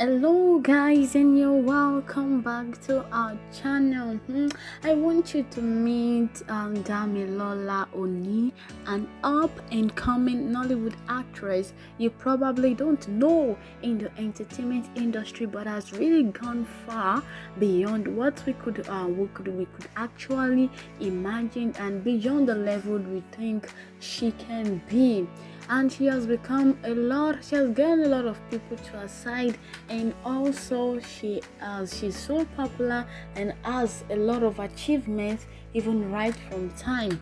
hello guys and you're welcome back to our channel hmm, i want you to meet um, damilola oni an up and coming nollywood actress you probably don't know in the entertainment industry but has really gone far beyond what we could uh, we could we could actually imagine and beyond the level we think she can be and she has become a lot she has gotten a lot of people to her side and also she has she's so popular and has a lot of achievements even right from time.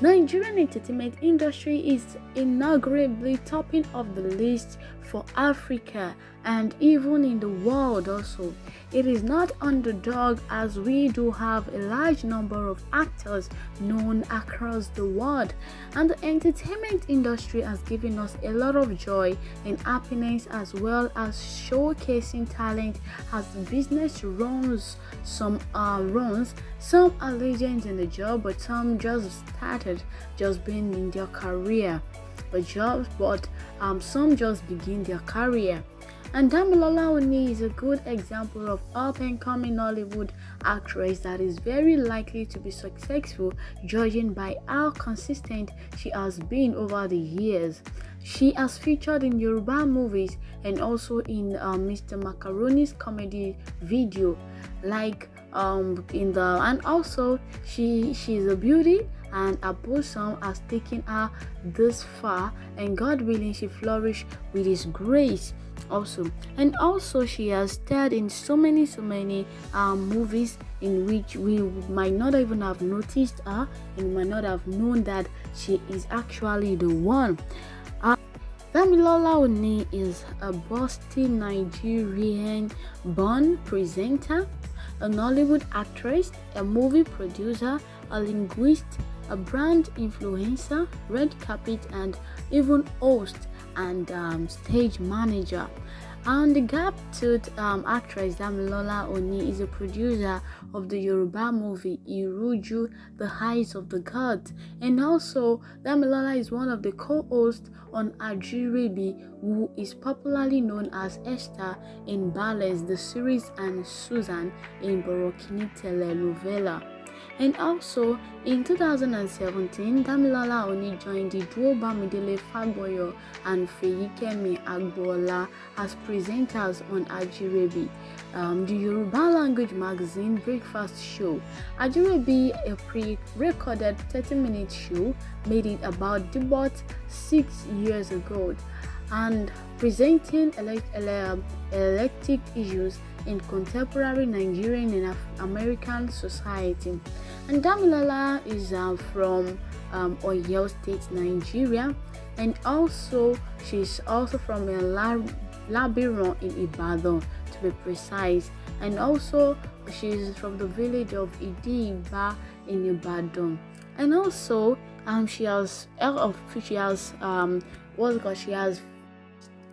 Nigerian entertainment industry is inarguably topping of the list for Africa and even in the world also. It is not underdog as we do have a large number of actors known across the world and the entertainment industry has given us a lot of joy and happiness as well as showcasing talent as the business runs some are uh, runs some are legends experience in the job, but some just started just being in their career. But jobs, but um, some just begin their career. And Damilola Oni is a good example of up-and-coming Nollywood actress that is very likely to be successful, judging by how consistent she has been over the years. She has featured in Yoruba movies and also in uh, Mr. Macaroni's comedy video, like um, in the and also she she's a beauty and a bosom has taken her this far and god willing she flourish with his grace also and also she has starred in so many so many um, movies in which we might not even have noticed her and might not have known that she is actually the one uh, Damilola Oni is a Boston Nigerian born presenter an Nollywood actress, a movie producer, a linguist, a brand influencer, red carpet, and even host and um, stage manager. And the gap-toothed um, actress Damilola Oni is a producer of the Yoruba movie Iruju, The Heights of the Gods, and also Damilola is one of the co-hosts on Ajiribi, who is popularly known as Esther in Ballets, the series, and Susan in Borokini telenovela. And also in 2017, Damilola Oni joined the duo Bamidele Fagboyo and Feyikemi Agbola as presenters on Ajirebi, um, the Yoruba language magazine breakfast show. Ajirebi, a pre recorded 30 minute show, made it about debut six years ago and presenting elect- ele- electric issues in contemporary Nigerian and Af- American society. And Damilala is uh, from um, Oyo State, Nigeria, and also she's also from a lab- in Ibadan, to be precise, and also she's from the village of Idiba in Ibadan, and also um, she has she has um, what's called she has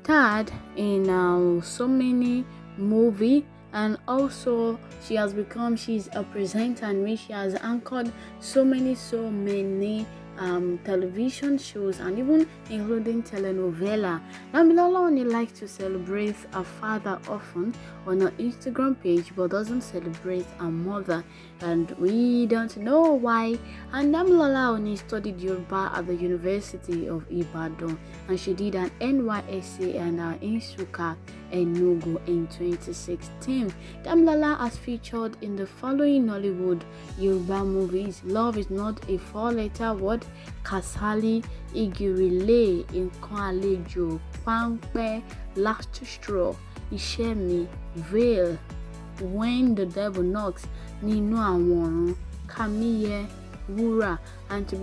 starred in uh, so many movie and also she has become she's a presenter and she has anchored so many so many um, television shows and even including telenovela. namila only likes to celebrate her father often on her Instagram page but doesn't celebrate her mother and we don't know why. And Namilala only studied Yoruba at the University of Ibadan and she did an nysa and her Insuka Enugu in 2016. Damilala has featured in the following Nollywood Yoruba movies Love is Not a Four Letter Word, Kasali, Igirile, Nkan Alejo, Pampe, Last Straw, Ishemi, Veil, When the Devil Knocks, Nínú Àwọn Ọ̀run, Kamiye, Wura, and to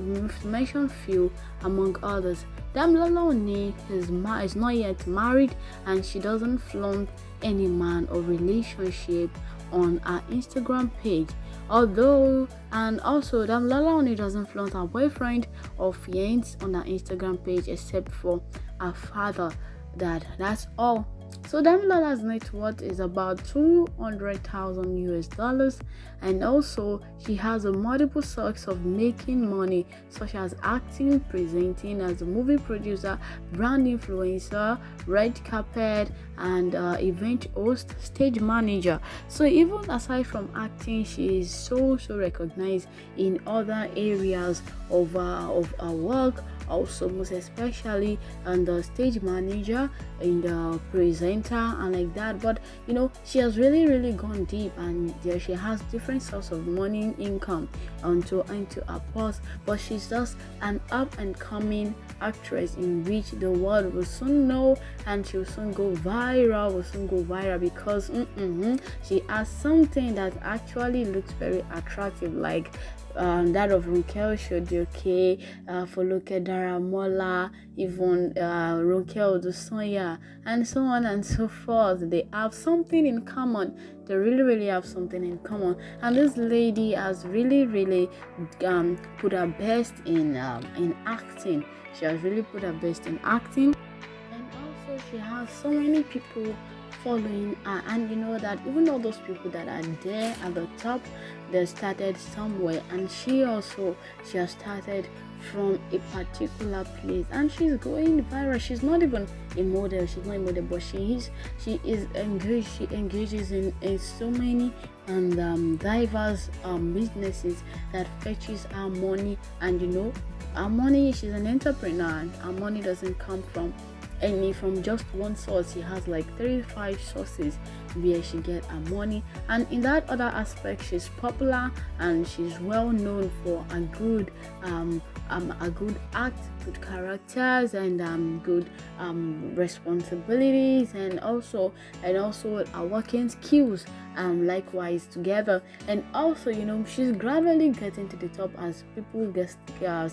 mention few among others. Damlalone is, ma- is not yet married and she doesn't flaunt any man or relationship on her Instagram page. Although, and also, Damlalone doesn't flaunt her boyfriend or fiance on her Instagram page except for her father. That that's all so Damila's net worth is about 200,000 US dollars and also she has a multiple sources of making money such as acting, presenting as a movie producer, brand influencer, red carpet and uh, event host, stage manager. So even aside from acting, she is so so recognized in other areas of uh, of her work also most especially and the stage manager and the presenter and like that but you know she has really really gone deep and yeah, she has different sources of money income until into her post. but she's just an up and coming actress in which the world will soon know and she'll soon go viral will soon go viral because mm -mm, she has something that actually looks very attractive like um, that of Runkel Shodioke, uh, Foloke Daramola, even uh, Runkel Dusonya, and so on and so forth. They have something in common. They really, really have something in common. And this lady has really, really um, put her best in um, in acting. She has really put her best in acting, and also she has so many people following uh, and you know that even all those people that are there at the top they started somewhere and she also she has started from a particular place and she's going viral she's not even a model she's not a model but she is she is engaged she engages in, in so many and um, diverse um, businesses that fetches her money and you know her money she's an entrepreneur and her money doesn't come from and from just one source. She has like three, five sources where she get her money. And in that other aspect, she's popular and she's well known for a good, um, um a good act, good characters, and um, good um responsibilities, and also and also a working skills. Um, likewise together, and also you know she's gradually getting to the top as people get uh,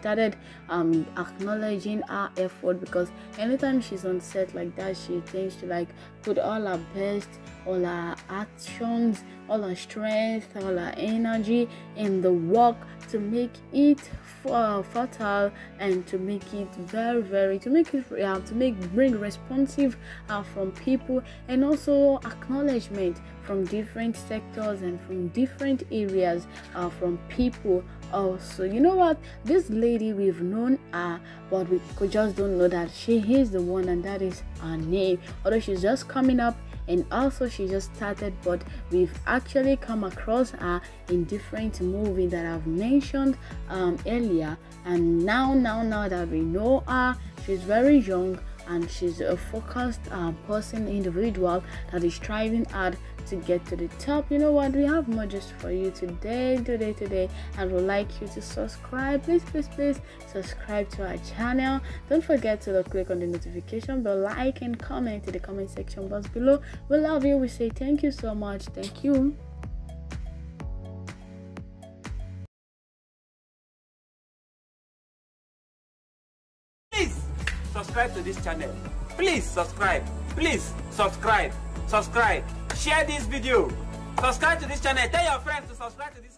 started um, acknowledging her effort because anytime she's on set like that she tends to like put all her best all her actions all her strength all her energy in the work to make it uh, fertile and to make it very very to make it uh, to make bring responsive uh, from people and also acknowledgement from different sectors and from different areas uh, from people also you know what this lady we've known her uh, but we just don't know that she is the one and that is her name although she's just coming up and also she just started but we've actually come across her in different movies that I've mentioned um, earlier and now now now that we know her she's very young and she's a focused uh, person individual that is striving hard to get to the top. You know what? We have more just for you today, today, today. I would like you to subscribe. Please, please, please subscribe to our channel. Don't forget to click on the notification bell, like and comment in the comment section box below. We love you. We say thank you so much. Thank you. Please subscribe to this channel. Please subscribe. Please subscribe subscribe, share this video, subscribe to this channel, tell your friends to subscribe to this